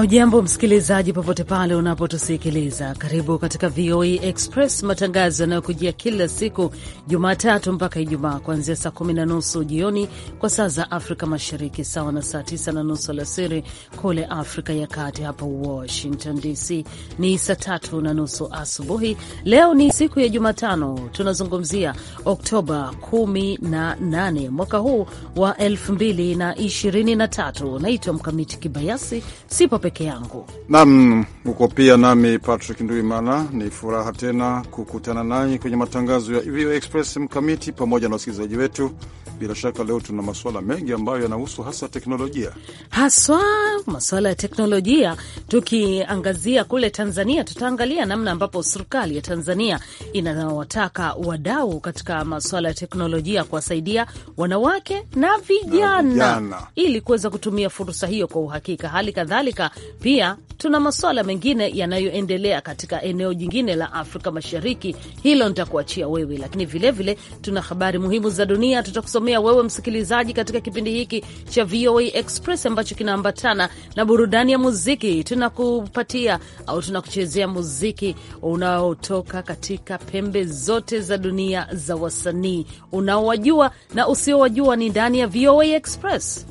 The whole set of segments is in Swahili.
Haujambo msikilizaji, popote pale unapotusikiliza, karibu katika VOA e Express, matangazo yanayokujia kila siku Jumatatu mpaka Ijumaa kuanzia saa kumi na nusu jioni kwa saa za Afrika Mashariki, sawa na saa tisa na nusu alasiri kule Afrika ya Kati. Hapa Washington DC ni saa tatu na nusu asubuhi. Leo ni siku ya Jumatano, tunazungumzia Oktoba 18 mwaka huu wa 2023. Naitwa Mkamiti Kibayasi, sipo peke yangu. Nam uko pia nami Patrick Nduimana. Ni furaha tena kukutana nanyi kwenye matangazo ya VOA Express mkamiti pamoja na wasikilizaji wetu. Bila shaka leo tuna masuala mengi ambayo yanahusu hasa teknolojia, haswa masuala ya teknolojia. Tukiangazia kule Tanzania, tutaangalia namna ambapo serikali ya Tanzania inawataka wadau katika masuala ya teknolojia kuwasaidia wanawake na vijana, na vijana, ili kuweza kutumia fursa hiyo kwa uhakika. Hali kadhalika pia tuna masuala mengine yanayoendelea katika eneo jingine la Afrika Mashariki, hilo nitakuachia wewe, lakini vilevile vile, tuna habari muhimu za dunia tutakusomea wewe msikilizaji katika kipindi hiki cha VOA Express ambacho kinaambatana na burudani ya muziki. Tunakupatia au tunakuchezea muziki unaotoka katika pembe zote za dunia za wasanii unaowajua na usiowajua, ni ndani ya VOA Express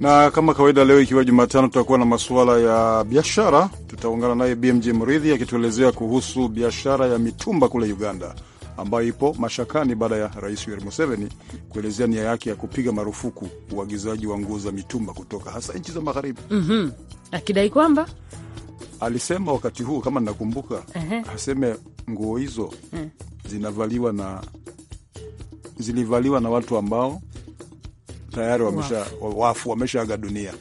na kama kawaida leo ikiwa Jumatano, tutakuwa na masuala ya biashara. Tutaungana naye BMJ Mridhi akituelezea kuhusu biashara ya mitumba kule Uganda ambayo ipo mashakani baada ya Rais Yoweri Museveni kuelezea nia yake ya kupiga marufuku uagizaji wa nguo za mitumba kutoka hasa nchi za magharibi mm -hmm. akidai kwamba alisema wakati huo kama nakumbuka, uh -huh. aseme nguo hizo uh eh. -huh. zinavaliwa na zilivaliwa na watu ambao tayari wamesha wafu wameshaaga dunia.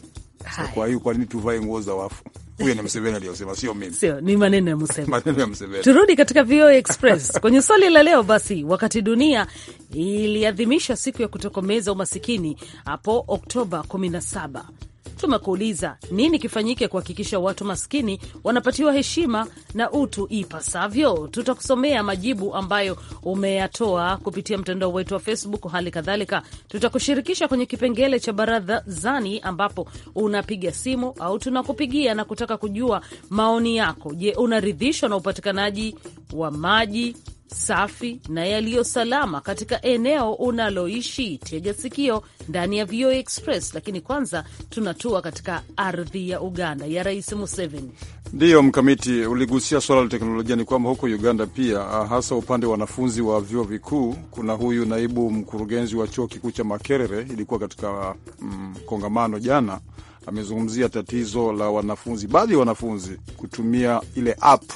So kwa hiyo kwa nini tuvae nguo za wafu? Huyo ni Mseveni aliyosema, sio mimi, sio ni maneno ya Mseveni, maneno ya Mseveni. Turudi katika VOA Express kwenye swali la leo. Basi, wakati dunia iliadhimisha siku ya kutokomeza umasikini hapo Oktoba tumekuuliza nini kifanyike kuhakikisha watu maskini wanapatiwa heshima na utu ipasavyo. Tutakusomea majibu ambayo umeyatoa kupitia mtandao wetu wa Facebook. Hali kadhalika tutakushirikisha kwenye kipengele cha barazani, ambapo unapiga simu au tunakupigia na kutaka kujua maoni yako. Je, unaridhishwa na upatikanaji wa maji safi na yaliyo salama katika eneo unaloishi. Tega sikio ndani ya VOA Express, lakini kwanza tunatua katika ardhi ya Uganda ya Rais Museveni. Ndiyo Mkamiti, uligusia suala la teknolojia. Ni kwamba huko Uganda pia, ah, hasa upande wa wanafunzi wa vyuo vikuu, kuna huyu naibu mkurugenzi wa chuo kikuu cha Makerere, ilikuwa katika mm, kongamano jana, amezungumzia tatizo la wanafunzi, baadhi ya wanafunzi kutumia ile app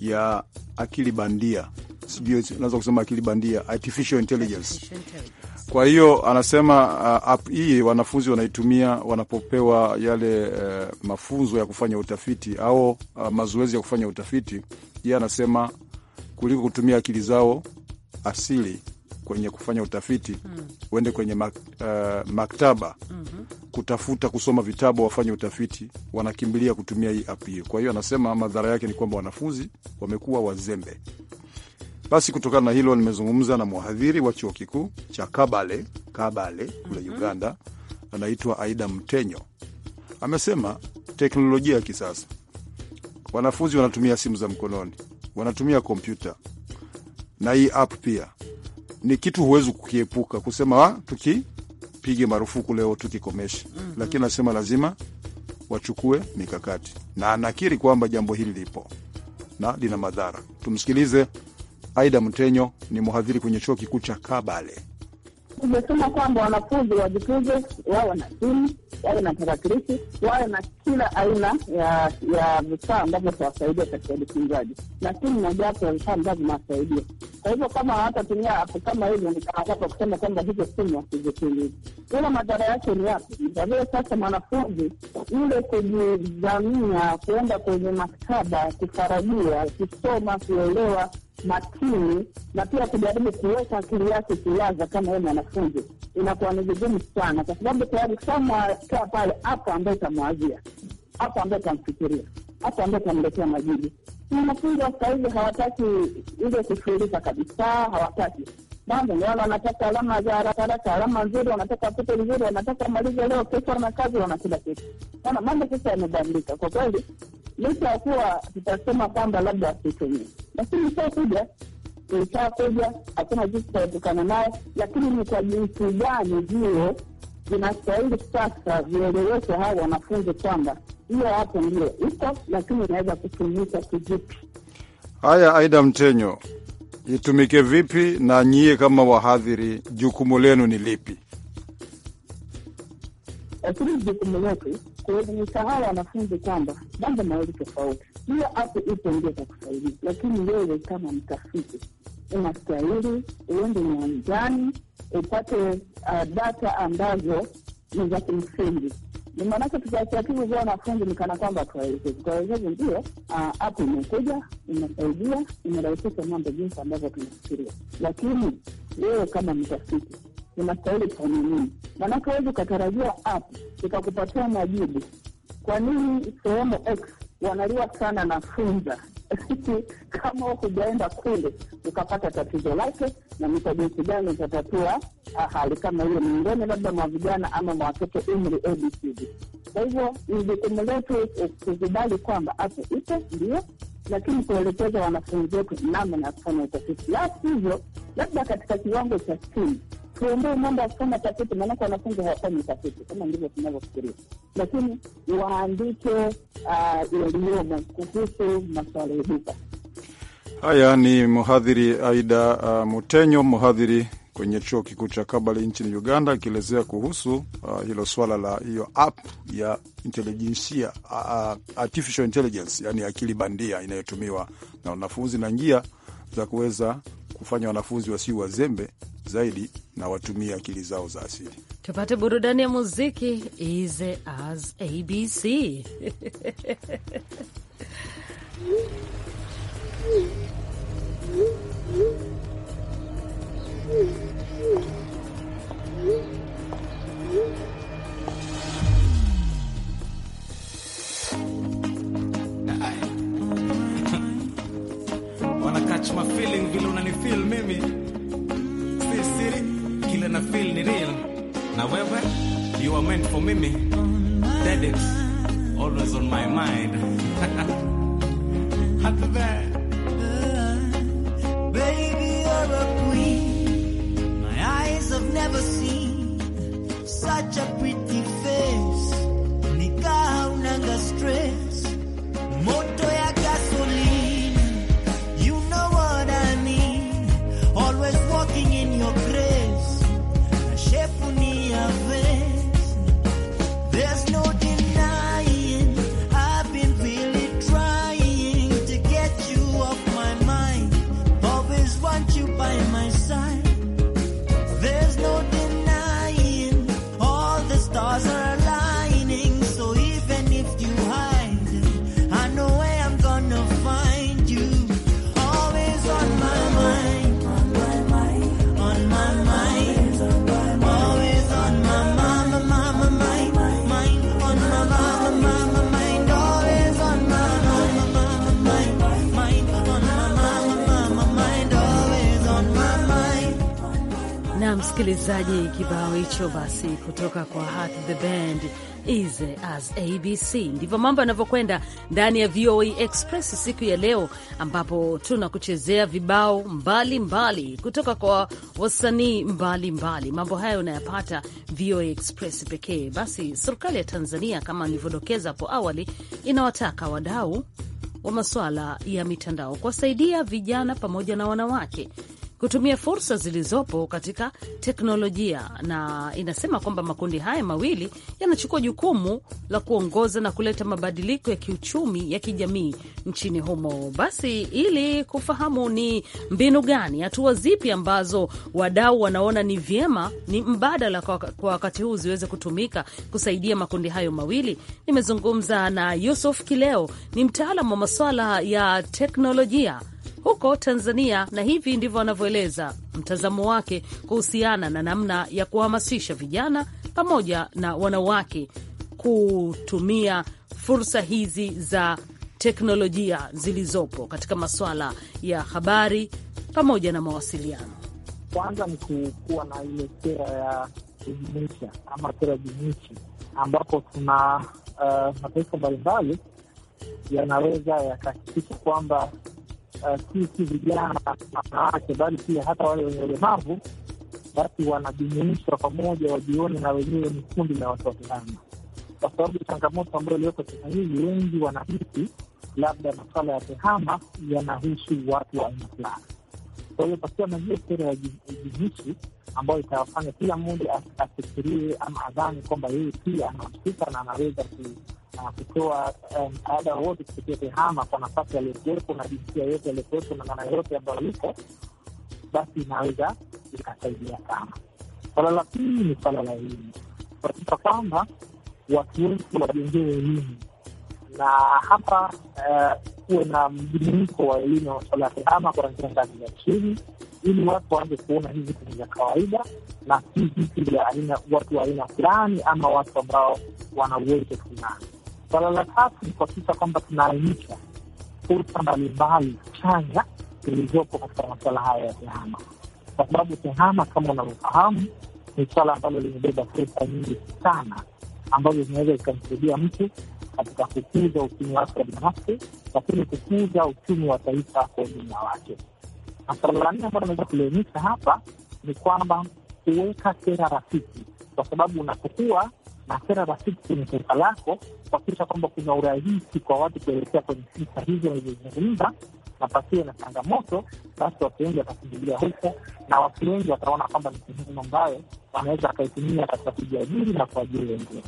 ya akili bandia, sijui naweza kusema akili bandia, artificial intelligence. Kwa hiyo anasema uh, app hii wanafunzi wanaitumia wanapopewa yale uh, mafunzo ya kufanya utafiti au uh, mazoezi ya kufanya utafiti. Yeye anasema kuliko kutumia akili zao asili kwenye kufanya utafiti mm. uende kwenye mak, uh, maktaba mm -hmm. kutafuta kusoma vitabu, wafanye utafiti, wanakimbilia kutumia hii app hiyo. Kwa hiyo anasema madhara yake ni kwamba wanafunzi wamekuwa wazembe. Basi kutokana na hilo nimezungumza na mhadhiri wa chuo kikuu cha Kabale Kabale kule mm -hmm. Uganda, anaitwa Aida Mtenyo. Amesema teknolojia ya kisasa, wanafunzi wanatumia simu za mkononi, wanatumia kompyuta na hii app pia ni kitu huwezi kukiepuka kusema ah, tukipige marufuku leo tukikomesha, mm -hmm. Lakini nasema lazima wachukue mikakati, na anakiri kwamba jambo hili lipo na lina madhara. Tumsikilize Aida Mtenyo, ni mhadhiri kwenye chuo kikuu cha Kabale tumesema kwamba wanafunzi wajifunze, wawe na simu, wawe na tarakilishi, wawe na kila aina ya ya vifaa ambavyo tawasaidia katika ujifunzaji, na simu mojawapo ya vifaa ambavyo vinawasaidia. Kwa hivyo kama hawatatumia apu kama hivyo, ni kusema kwamba hizo simu wasizitumie, ila madhara yake ni yapi? Kwavile sasa mwanafunzi ule kujizamia, kuenda kwenye maktaba, kufarajia, kusoma, kuelewa makini na pia kujaribu kuweka akili yake kilaza kama yeye mwanafunzi, inakuwa ni vigumu sana, kwa sababu tayari kaa pale hapo ambaye itamwazia hapo, ambaye itamfikiria hapo, ambaye itamletea majibu. Wanafunzi wa sasa hivi hawataki ile kushughulika kabisa, hawataki mambo ni wale wanataka alama za haraka haraka, alama nzuri, wanataka wapite nzuri, wanataka maliza leo, kesho na kazi, wana kila kitu. Maana mambo sasa yamebadilika kwa kweli, licha ya kuwa tutasema kwamba labda asitumie, lakini sio ishakuja ishakuja, hakuna jinsi tutaepukana nayo, lakini ni kwa jinsi gani vio vinastahili sasa vieleweshe hao wanafunzi kwamba hiyo hapo ndio iko, lakini inaweza kutumika kivipi? Haya, Aida Mtenyo, itumike vipi, na nyie kama wahadhiri jukumu lenu ni lipi? Lakini jukumu letu kuelimisha wanafunzi kwamba mambo mawili tofauti, hiyo hapo ipo ndio za kusaidia, lakini wewe kama mtafiti unastahili uende nyanjani upate uh, data ambazo ni za kimsingi maanake tukiwasiakivu vya wanafunzi ni kana kwamba tuwawezezi tuwawezezi, ndio ah, hapo imekuja imesaidia, imerahisisha mambo jinsi ambavyo tunafikiria, lakini wewe kama mtafiti unastahili kufanya nini? Maanake huwezi ukatarajia app ikakupatia majibu kwa nini sehemu X wanaliwa sana na funza sisi kama hujaenda kule ukapata tatizo lake, na ni kwa jinsi gani utatatua ah, hali kama hiyo miongoni labda mwa vijana ama mwa watoto umri ABCD. Kwa hivyo ni jukumu letu kukubali kwamba apo ipo ndio, lakini kuelekeza wanafunzi wetu namna ya kufanya utafiti, la sivyo labda katika kiwango cha chini tuondoe mambo kama kufanya tafiti, maanake wanafunzi hawafanyi tafiti kama ndivyo tunavyofikiria, lakini waandike uh, yaliyomo kuhusu masuala ya duka haya. Ni mhadhiri Aida uh, Mutenyo, mhadhiri kwenye chuo kikuu cha Kabale nchini Uganda, akielezea kuhusu uh, hilo swala la hiyo app ya intelijensia uh, artificial intelligence, yani akili bandia inayotumiwa na wanafunzi na njia za kuweza kufanya wanafunzi wasio wazembe zaidi na watumie akili zao za asili. Tupate burudani ya muziki Easy as ABC. Wanna catch my feeling vile mimi feel ni real. Now wewe, you are meant for mimi. Dead it, always on my mind. Happy birthday. Baby, you're a queen. My eyes have never seen such a pretty msikilizaji, kibao hicho basi kutoka kwa Heart the Band Easy as ABC. Ndivyo mambo yanavyokwenda ndani ya VOA Express siku ya leo, ambapo tunakuchezea vibao mbalimbali mbali kutoka kwa wasanii mbalimbali. Mambo hayo unayapata VOA Express pekee. Basi serikali ya Tanzania kama nilivyodokeza hapo awali, inawataka wadau wa masuala ya mitandao kuwasaidia vijana pamoja na wanawake kutumia fursa zilizopo katika teknolojia, na inasema kwamba makundi haya mawili yanachukua jukumu la kuongoza na kuleta mabadiliko ya kiuchumi ya kijamii nchini humo. Basi ili kufahamu ni mbinu gani, hatua zipi ambazo wadau wanaona ni vyema, ni mbadala kwa wakati huu ziweze kutumika kusaidia makundi hayo mawili, nimezungumza na Yusuf Kileo, ni mtaalamu wa masuala ya teknolojia huko Tanzania, na hivi ndivyo anavyoeleza mtazamo wake kuhusiana na namna ya kuhamasisha vijana pamoja na wanawake kutumia fursa hizi za teknolojia zilizopo katika masuala ya habari pamoja na mawasiliano. Kwanza ni kukuwa na ile sera ya jumuisha ama sera jumuishi, ambapo tuna uh, mataifa mbalimbali yanaweza yakahakikisha kwamba Eh, sisi vijana wanawake, bali pia hata wale wenye ulemavu, basi wanajumuishwa pamoja, wajione na wenyewe ni kundi la watu wavulana, kwa sababu changamoto ambayo iliyoko sasa hivi, wengi wanahisi labda masuala ya tehama yanahusu watu wa aina fulani. Kwa hiyo pakiwa na hiyo sera ya jumuishi ambayo itawafanya kila mmoja afikirie ama adhani kwamba yeye pia anahusika na anaweza na kutoa msaada um, wote kupitia TEHAMA kwa nafasi aliyokuwepo na jinsia yote aliyokuwepo na maana yote ambayo iko, basi inaweza ikasaidia sana. Swala la pili ni swala la elimu, kuhakikisha kwamba watu wengi wajengewe elimu na hapa uh, kuwe na mjumuiko wa elimu ya masuala ya tehama kuanzia ngazi ya chini, ili watu waanze kuona hivi vitu vya kawaida na si vitu vya aina watu wa aina fulani ama watu ambao wana uwezo fulani. Swala la tatu ni kuhakikisha kwamba tunaainisha fursa mbalimbali chanya zilizopo katika masuala haya ya tehama, kwa sababu tehama kama unavyofahamu ni swala ambalo limebeba fursa nyingi sana ambazo zinaweza zikamsaidia mtu katika kukuza uchumi wake binafsi, lakini kukuza uchumi wa taifa kwa ujumla wake. Na swala la nne ambalo naweza kulionyesha hapa ni kwamba kuweka sera rafiki, kwa sababu unapokuwa na sera rafiki kwenye taifa lako, kuhakikisha kwamba kuna urahisi kwa watu kuelekea kwenye sifa hizo nilizozungumza, na pasiwe na changamoto, basi watu wengi watakimbilia huko, na watu wengi wataona kwamba ni sehemu ambayo wanaweza wakaitumia katika kujiajiri na kuajiri wengine.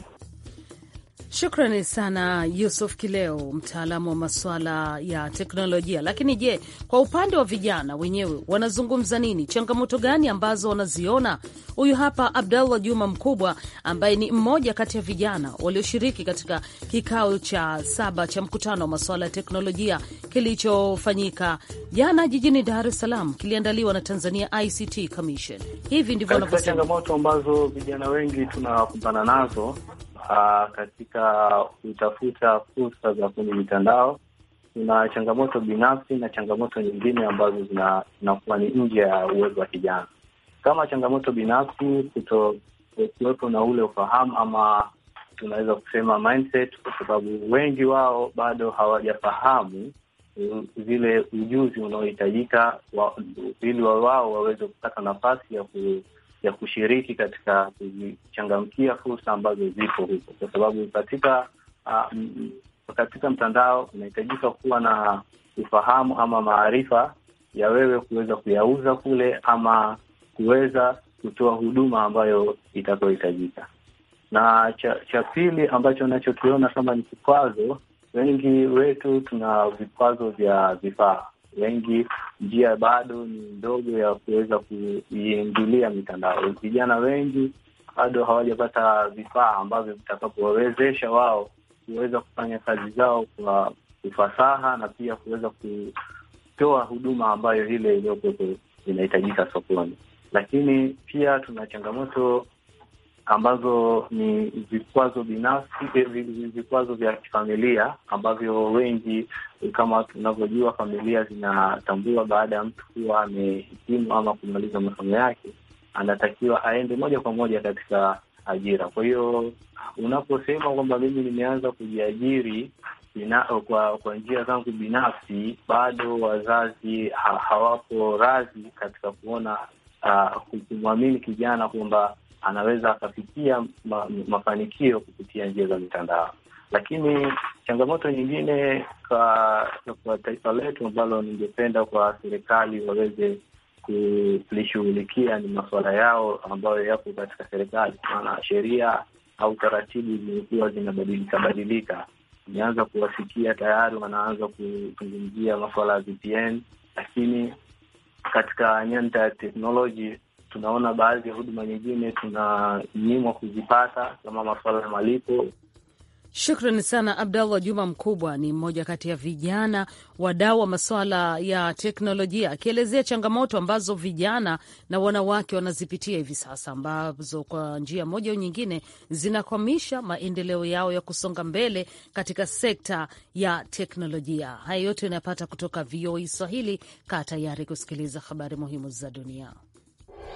Shukrani sana Yusuf Kileo, mtaalamu wa masuala ya teknolojia. Lakini je, kwa upande wa vijana wenyewe wanazungumza nini? Changamoto gani ambazo wanaziona? Huyu hapa Abdallah Juma Mkubwa, ambaye ni mmoja kati ya vijana walioshiriki katika kikao cha saba cha mkutano wa masuala ya teknolojia kilichofanyika jana jijini Dar es Salaam, kiliandaliwa na Tanzania ICT Commission. Hivi ndivyo changamoto ambazo vijana wengi tunakumbana nazo uh, katika kutafuta fursa za kwenye mitandao. Kuna changamoto binafsi na changamoto nyingine ambazo zinakuwa ni nje ya uwezo wa kijana. Kama changamoto binafsi, kutokuwepo na ule ufahamu ama tunaweza kusema mindset, kwa sababu wengi wao bado hawajafahamu mm, zile ujuzi unaohitajika ili wa, wao waweze kupata nafasi ya ku ya kushiriki katika kuzichangamkia fursa ambazo zipo huko, kwa sababu katika uh, katika mtandao unahitajika kuwa na ufahamu ama maarifa ya wewe kuweza kuyauza kule ama kuweza kutoa huduma ambayo itakayohitajika. Na cha, cha pili ambacho nachokiona kama ni kikwazo, wengi wetu tuna vikwazo vya vifaa wengi njia bado ni ndogo ya kuweza kuiingilia mitandao. Vijana wengi bado hawajapata vifaa ambavyo vitakapowawezesha wao kuweza kufanya kazi zao kwa ufasaha na pia kuweza kutoa huduma ambayo ile iliyokuwepo inahitajika sokoni. Lakini pia tuna changamoto ambazo ni vikwazo binafsi, eh, vikwazo vya kifamilia ambavyo wengi eh, kama tunavyojua, familia zinatambua baada ya mtu kuwa amehitimu ama kumaliza masomo yake, anatakiwa aende moja kwa moja katika ajira. Kwa hiyo unaposema kwamba mimi nimeanza kujiajiri bina, kwa, kwa njia zangu binafsi, bado wazazi ha, hawapo radhi katika kuona uh, kumwamini kijana kwamba anaweza akafikia ma, mafanikio kupitia njia za mitandao. Lakini changamoto nyingine kwa, kwa taifa letu ambalo ningependa kwa serikali waweze kulishughulikia ni masuala yao ambayo yapo katika serikali, maana sheria au taratibu zimekuwa zinabadilika badilika. Imeanza kuwafikia tayari, wanaanza kuzungumzia masuala ya VPN, lakini katika nyanja ya teknoloji tunaona baadhi ya huduma nyingine tunanyimwa kuzipata kama masuala ya malipo. Shukrani sana. Abdallah Juma Mkubwa ni mmoja kati ya vijana wadau wa masuala ya teknolojia, akielezea changamoto ambazo vijana na wanawake wanazipitia hivi sasa, ambazo kwa njia moja au nyingine zinakwamisha maendeleo yao ya kusonga mbele katika sekta ya teknolojia. Haya yote unayapata kutoka VOA e Swahili. Kaa tayari kusikiliza habari muhimu za dunia.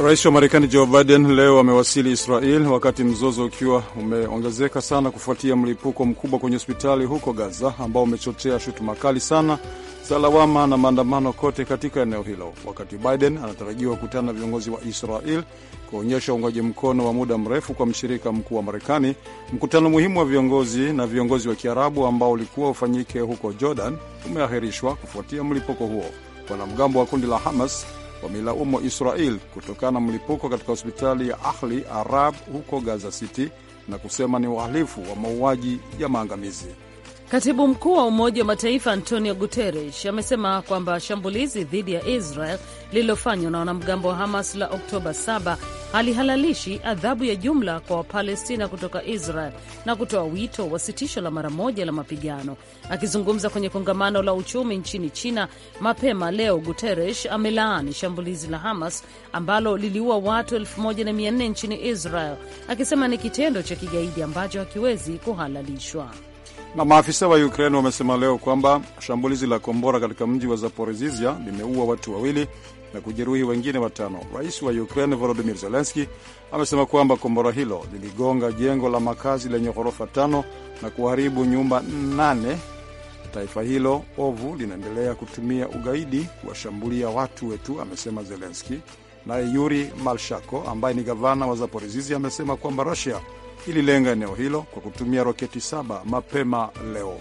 Rais wa Marekani Joe Biden leo amewasili Israel wakati mzozo ukiwa umeongezeka sana kufuatia mlipuko mkubwa kwenye hospitali huko Gaza ambao umechochea shutuma kali sana za lawama na maandamano kote katika eneo hilo. Wakati Biden anatarajiwa kukutana na viongozi wa Israel kuonyesha uungaji mkono wa muda mrefu kwa mshirika mkuu wa Marekani, mkutano muhimu wa viongozi na viongozi wa Kiarabu ambao ulikuwa ufanyike huko Jordan umeahirishwa kufuatia mlipuko huo. Wanamgambo wa kundi la Hamas wamelaumu Israel kutokana na mlipuko katika hospitali ya Ahli Arab huko Gaza City na kusema ni uhalifu wa mauaji ya maangamizi. Katibu mkuu wa Umoja wa Mataifa Antonio Guterres amesema kwamba shambulizi dhidi ya Israel lililofanywa na wanamgambo wa Hamas la Oktoba 7 halihalalishi adhabu ya jumla kwa Wapalestina kutoka Israel na kutoa wito wa sitisho la mara moja la mapigano. Akizungumza kwenye kongamano la uchumi nchini China mapema leo, Guterres amelaani shambulizi la Hamas ambalo liliua watu 1400 nchini Israel, akisema ni kitendo cha kigaidi ambacho hakiwezi kuhalalishwa. Na maafisa wa Ukraine wamesema leo kwamba shambulizi la kombora katika mji wa Zaporizhia limeua watu wawili na kujeruhi wengine watano. Rais wa Ukraine Volodimir zelenski amesema kwamba kombora hilo liligonga jengo la makazi lenye ghorofa tano na kuharibu nyumba nane. Taifa hilo ovu linaendelea kutumia ugaidi kuwashambulia watu wetu, amesema zelenski Naye Yuri Malshako ambaye ni gavana wa Zaporizhia amesema kwamba Rusia ililenga eneo hilo kwa kutumia roketi saba mapema leo.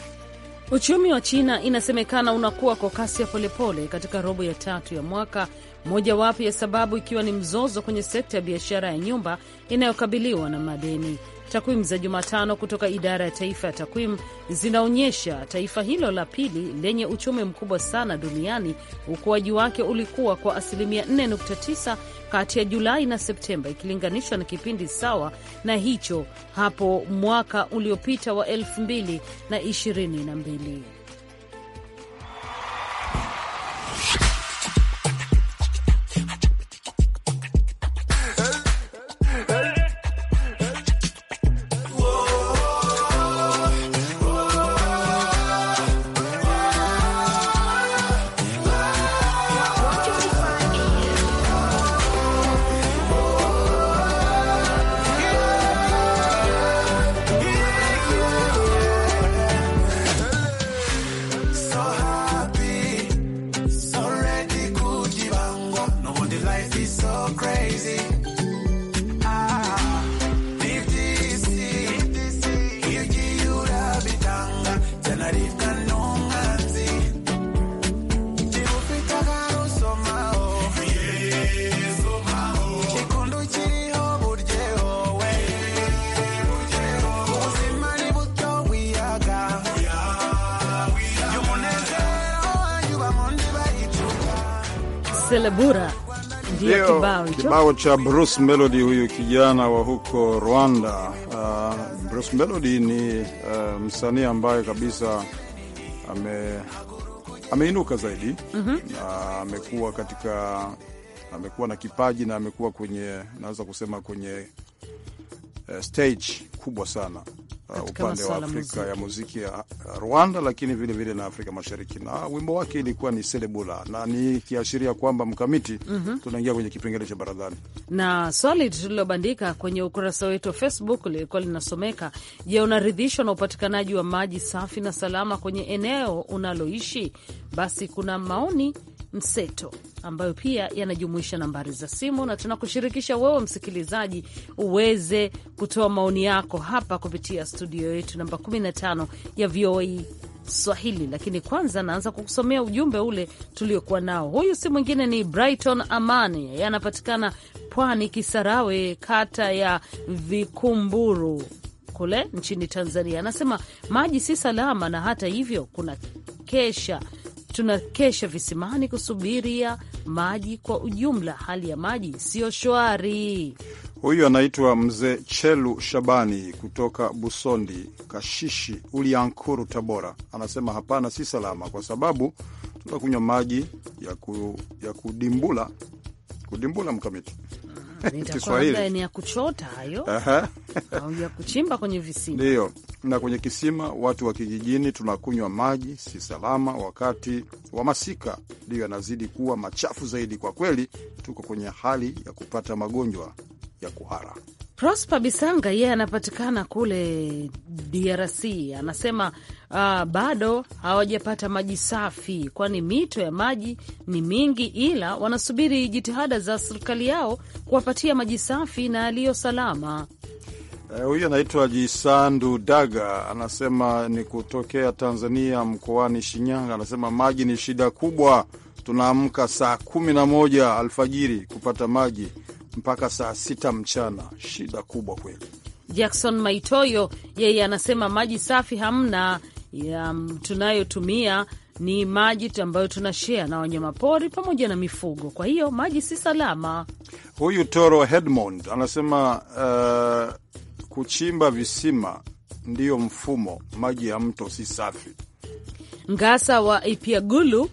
Uchumi wa China inasemekana unakuwa kwa kasi ya polepole katika robo ya tatu ya mwaka, mojawapo ya sababu ikiwa ni mzozo kwenye sekta ya biashara ya nyumba inayokabiliwa na madeni. Takwimu za Jumatano kutoka idara ya taifa ya takwimu zinaonyesha taifa hilo la pili lenye uchumi mkubwa sana duniani, ukuaji wake ulikuwa kwa asilimia 4.9 kati ya Julai na Septemba ikilinganishwa na kipindi sawa na hicho hapo mwaka uliopita wa 2022. kibao cha Bruce Melody, huyu kijana wa huko Rwanda. Uh, Bruce Melody ni uh, msanii ambaye kabisa ame ameinuka zaidi mm -hmm. na amekuwa katika amekuwa na kipaji na amekuwa kwenye naweza kusema kwenye uh, stage kubwa sana uh, upande wa Afrika muziki ya muziki ya uh, Rwanda, lakini vilevile vile na Afrika Mashariki, na wimbo wake ilikuwa ni Selebula, na ni kiashiria kwamba mkamiti, mm -hmm. tunaingia kwenye kipengele cha baradhani, na swali tulilobandika kwenye ukurasa wetu wa Facebook lilikuwa linasomeka: Je, unaridhishwa na upatikanaji wa maji safi na salama kwenye eneo unaloishi? Basi kuna maoni mseto ambayo pia yanajumuisha nambari za simu, na tunakushirikisha wewe msikilizaji uweze kutoa maoni yako hapa kupitia studio yetu namba 15 ya VOA Swahili. Lakini kwanza naanza kukusomea ujumbe ule tuliokuwa nao. Huyu si mwingine ni Brighton Amani, yanapatikana Pwani, Kisarawe, kata ya Vikumburu kule nchini Tanzania. Anasema maji si salama, na hata hivyo kuna kesha tunakesha visimani kusubiria maji. Kwa ujumla, hali ya maji siyo shwari. Huyu anaitwa Mzee Chelu Shabani kutoka Busondi Kashishi, Uliankuru, Tabora, anasema hapana, si salama kwa sababu tunakunywa maji ya, ku, ya kudimbula kudimbula mkamiti Kiswahili ni ya kuchota hayo au ya kuchimba kwenye visima. Ndiyo, na kwenye kisima watu wa kijijini tunakunywa maji si salama wakati wa masika, ndiyo yanazidi kuwa machafu zaidi. Kwa kweli, tuko kwenye hali ya kupata magonjwa ya kuhara. Prosper Bisanga yeye anapatikana kule DRC anasema uh, bado hawajapata maji safi, kwani mito ya maji ni mingi, ila wanasubiri jitihada za serikali yao kuwapatia maji safi na yaliyo salama. Eh, huyu anaitwa Jisandu Daga, anasema ni kutokea Tanzania, mkoani Shinyanga. Anasema maji ni shida kubwa, tunaamka saa kumi na moja alfajiri kupata maji mpaka saa sita mchana. Shida kubwa kweli. Jackson Maitoyo yeye anasema maji safi hamna, tunayotumia ni maji ambayo tunashea na wanyamapori pamoja na mifugo, kwa hiyo maji si salama. Huyu Toro Hedmond anasema uh, kuchimba visima ndiyo mfumo, maji ya mto si safi. Ngasa wa Ipiagulu,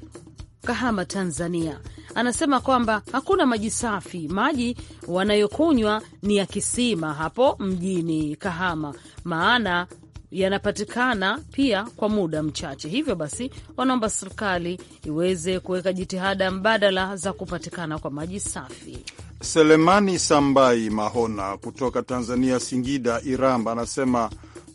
Kahama, Tanzania anasema kwamba hakuna maji safi, maji wanayokunywa ni ya kisima hapo mjini Kahama, maana yanapatikana pia kwa muda mchache. Hivyo basi, wanaomba serikali iweze kuweka jitihada mbadala za kupatikana kwa maji safi. Selemani Sambai Mahona kutoka Tanzania, Singida, Iramba, anasema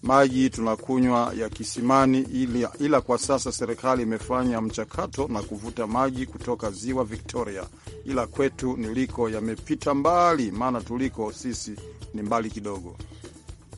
maji tunakunywa ya kisimani ila, ila kwa sasa serikali imefanya mchakato na kuvuta maji kutoka ziwa Victoria, ila kwetu niliko yamepita mbali, maana tuliko sisi ni mbali kidogo.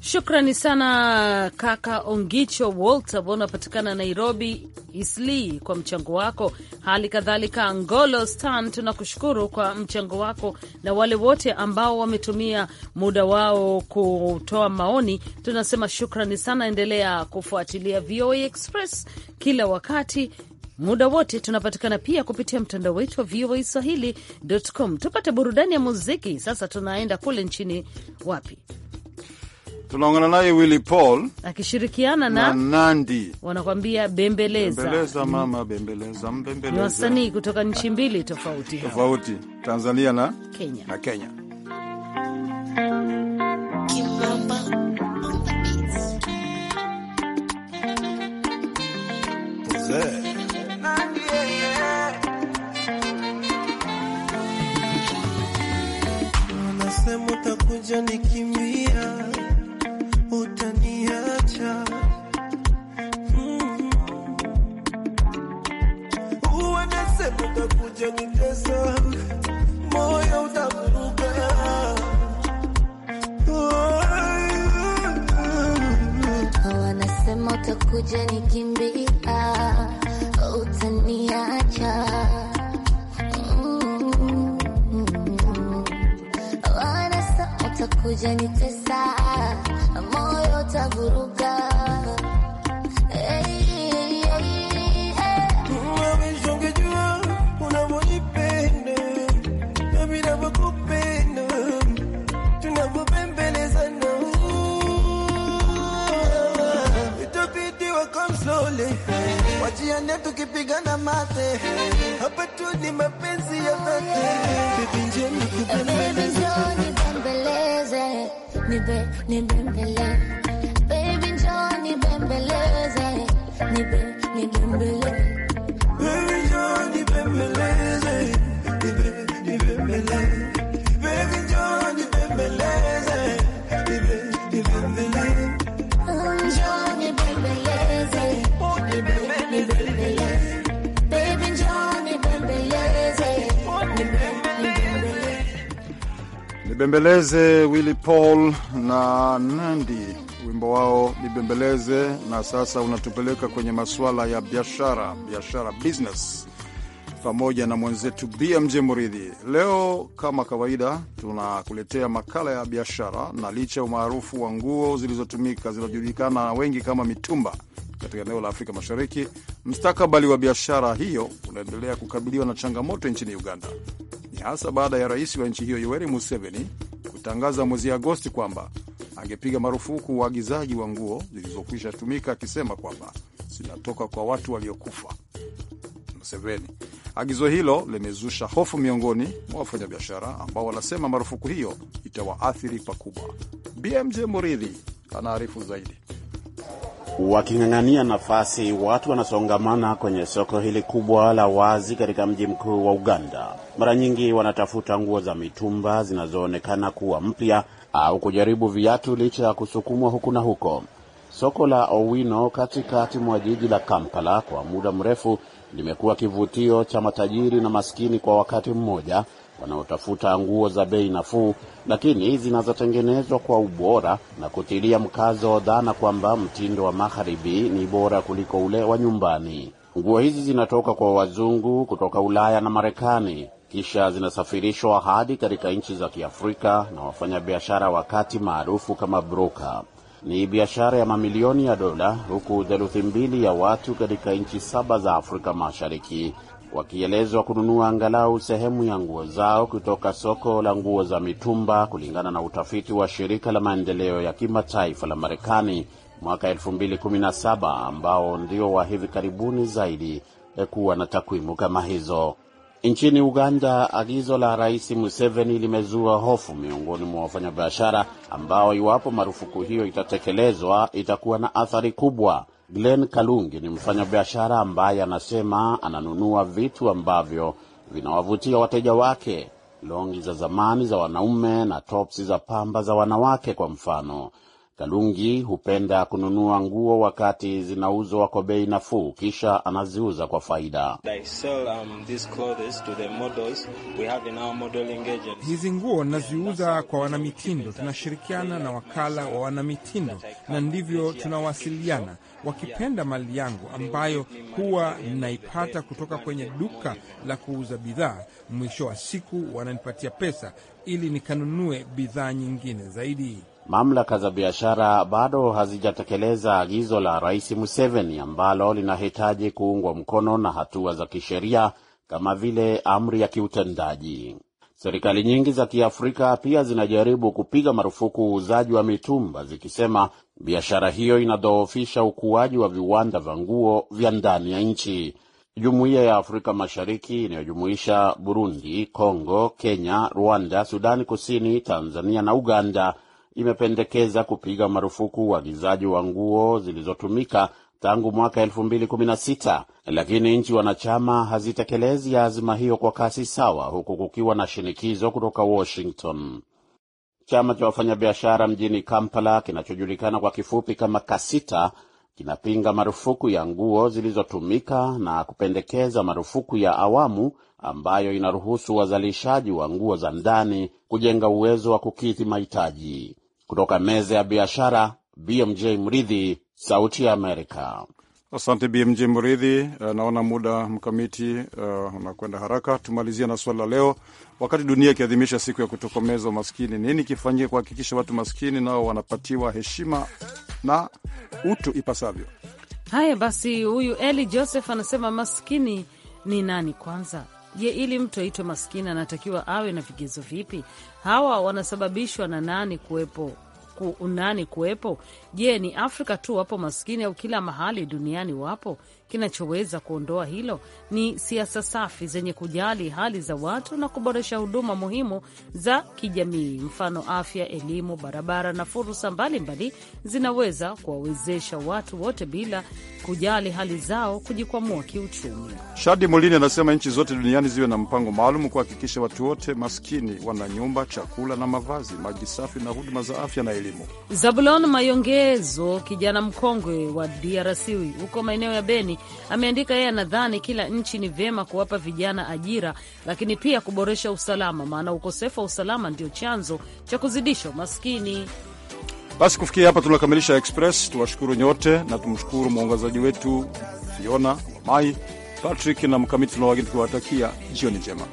Shukrani sana kaka Ongicho Walter ambao unapatikana Nairobi Isli kwa mchango wako. Hali kadhalika Ngolo Stan, tunakushukuru kwa mchango wako, na wale wote ambao wametumia muda wao kutoa maoni, tunasema shukrani sana. Endelea kufuatilia VOA Express kila wakati, muda wote. Tunapatikana pia kupitia mtandao wetu wa VOA Swahili.com. Tupate burudani ya muziki sasa. Tunaenda kule nchini wapi? tunaongana naye Willy Paul akishirikiana na, na Nandi wanakwambia bembeleza, bembeleza mm. mama bembeleza, mbembeleza. Ni wasanii kutoka nchi mbili tofauti tofauti, Tanzania na Kenya, na Kenya. Bembeleze Willy Paul na Nandi, wimbo wao Nibembeleze. Na sasa unatupeleka kwenye masuala ya biashara, biashara business, pamoja na mwenzetu BMJ Muridhi. Leo kama kawaida, tunakuletea makala ya biashara, na licha ya umaarufu wa nguo zilizotumika zinajulikana na wengi kama mitumba katika eneo la Afrika Mashariki, mstakabali wa biashara hiyo unaendelea kukabiliwa na changamoto nchini Uganda. Ni hasa baada ya rais wa nchi hiyo Yoweri Museveni kutangaza mwezi Agosti kwamba angepiga marufuku uagizaji wa, nguo zilizokwisha tumika akisema kwamba zinatoka kwa watu waliokufa. Museveni. Agizo hilo limezusha hofu miongoni mwa wafanyabiashara ambao wanasema marufuku hiyo itawaathiri pakubwa. BMJ Muridhi anaarifu zaidi waking'ang'ania nafasi. Watu wanasongamana kwenye soko hili kubwa la wazi katika mji mkuu wa Uganda. Mara nyingi wanatafuta nguo za mitumba zinazoonekana kuwa mpya au kujaribu viatu licha ya kusukumwa huku na huko. Soko la Owino katikati mwa jiji la Kampala kwa muda mrefu limekuwa kivutio cha matajiri na maskini kwa wakati mmoja, wanaotafuta nguo za bei nafuu, lakini zinazotengenezwa kwa ubora na kutilia mkazo dhana kwamba mtindo wa magharibi ni bora kuliko ule wa nyumbani. Nguo hizi zinatoka kwa wazungu kutoka Ulaya na Marekani, kisha zinasafirishwa hadi katika nchi za Kiafrika na wafanyabiashara wa kati maarufu kama broka. Ni biashara ya mamilioni ya dola, huku theluthi mbili ya watu katika nchi saba za Afrika Mashariki wakielezwa kununua angalau sehemu ya nguo zao kutoka soko la nguo za mitumba, kulingana na utafiti wa shirika la maendeleo ya kimataifa la Marekani mwaka 2017 ambao ndio wa hivi karibuni zaidi eh, kuwa na takwimu kama hizo. Nchini Uganda, agizo la Rais Museveni limezua hofu miongoni mwa wafanyabiashara ambao, iwapo marufuku hiyo itatekelezwa, itakuwa na athari kubwa. Glen Kalungi ni mfanyabiashara ambaye anasema ananunua vitu ambavyo vinawavutia wateja wake, longi za zamani za wanaume na topsi za pamba za wanawake kwa mfano. Kalungi hupenda kununua nguo wakati zinauzwa kwa bei nafuu, kisha anaziuza kwa faida. Um, Hizi nguo naziuza kwa wanamitindo, tunashirikiana na wakala wa wanamitindo, na ndivyo tunawasiliana. Wakipenda mali yangu ambayo huwa ninaipata kutoka kwenye duka la kuuza bidhaa, mwisho wa siku wananipatia pesa ili nikanunue bidhaa nyingine zaidi. Mamlaka za biashara bado hazijatekeleza agizo la Rais Museveni ambalo linahitaji kuungwa mkono na hatua za kisheria kama vile amri ya kiutendaji. Serikali nyingi za Kiafrika pia zinajaribu kupiga marufuku uuzaji wa mitumba zikisema biashara hiyo inadhoofisha ukuaji wa viwanda vya nguo vya ndani ya nchi. Jumuiya ya Afrika Mashariki inayojumuisha Burundi, Kongo, Kenya, Rwanda, Sudani Kusini, Tanzania na Uganda imependekeza kupiga marufuku uagizaji wa nguo zilizotumika tangu mwaka 2016 lakini nchi wanachama hazitekelezi azima hiyo kwa kasi sawa, huku kukiwa na shinikizo kutoka Washington. Chama cha wafanyabiashara mjini Kampala kinachojulikana kwa kifupi kama Kasita kinapinga marufuku ya nguo zilizotumika na kupendekeza marufuku ya awamu ambayo inaruhusu wazalishaji wa nguo za ndani kujenga uwezo wa kukidhi mahitaji. Kutoka meza ya biashara, BMJ Mridhi, Sauti ya Amerika. Asante BMJ Mridhi. Eh, naona muda mkamiti uh, unakwenda haraka. Tumalizia na swali la leo. Wakati dunia ikiadhimisha siku ya kutokomeza umaskini, nini kifanyike kuhakikisha watu maskini nao wanapatiwa heshima na utu ipasavyo? Haya basi, huyu Eli Joseph anasema maskini ni nani kwanza? Je, ili mtu aitwe maskini anatakiwa awe na vigezo vipi? Hawa wanasababishwa na nani kuwepo ku, nani kuwepo? Je, ni Afrika tu wapo maskini au kila mahali duniani wapo? Kinachoweza kuondoa hilo ni siasa safi zenye kujali hali za watu na kuboresha huduma muhimu za kijamii, mfano afya, elimu, barabara na fursa mbalimbali zinaweza kuwawezesha watu wote bila kujali hali zao kujikwamua kiuchumi. Shadi Mulini anasema nchi zote duniani ziwe na mpango maalum kuhakikisha watu wote maskini wana nyumba, chakula na mavazi, maji safi na huduma za afya na elimu. Zabulon Mayongezo, kijana mkongwe wa DRC huko maeneo ya Beni, ameandika yeye anadhani kila nchi ni vyema kuwapa vijana ajira, lakini pia kuboresha usalama, maana ukosefu wa usalama ndio chanzo cha kuzidisha umaskini. Basi kufikia hapa tunakamilisha Express. Tuwashukuru nyote na tumshukuru mwongozaji wetu Fiona Wamai, Patrick na Mkamiti. Tunawageni tukiwatakia jioni njema.